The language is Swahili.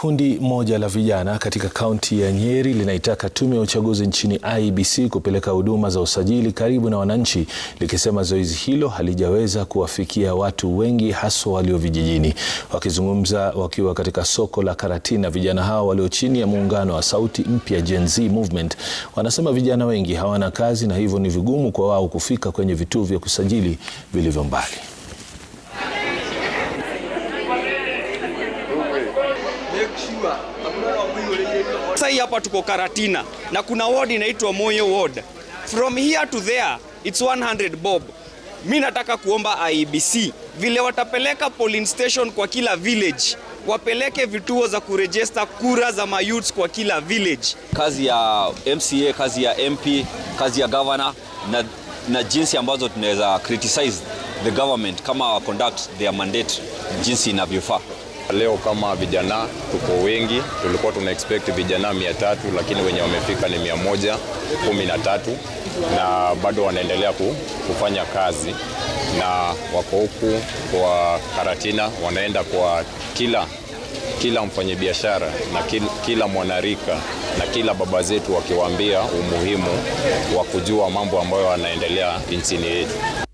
Kundi moja la vijana katika kaunti ya Nyeri linaitaka tume ya uchaguzi nchini IEBC kupeleka huduma za usajili karibu na wananchi, likisema zoezi hilo halijaweza kuwafikia watu wengi haswa walio vijijini. Wakizungumza wakiwa katika soko la Karatina, vijana hao walio chini ya muungano wa Sauti Mpya Gen Z Movement wanasema vijana wengi hawana kazi na hivyo ni vigumu kwa wao kufika kwenye vituo vya kusajili vilivyo mbali. Sasa hii hapa tuko Karatina na kuna ward inaitwa Moyo ward. From here to there it's 100 bob. Mi nataka kuomba IEBC vile watapeleka polling station kwa kila village, wapeleke vituo za kurejista kura za mayouths kwa kila village. Kazi ya MCA, kazi ya MP, kazi ya governor na, na jinsi ambazo tunaweza criticize the government kama conduct their mandate jinsi inavyofaa. Leo kama vijana tuko wengi, tulikuwa tuna expect vijana mia tatu lakini wenye wamefika ni mia moja kumi na tatu na bado wanaendelea kufanya kazi na wako huku kwa Karatina, wanaenda kwa kila kila mfanyabiashara na kila, kila mwanarika na kila baba zetu wakiwaambia umuhimu wa kujua mambo ambayo yanaendelea nchini yetu.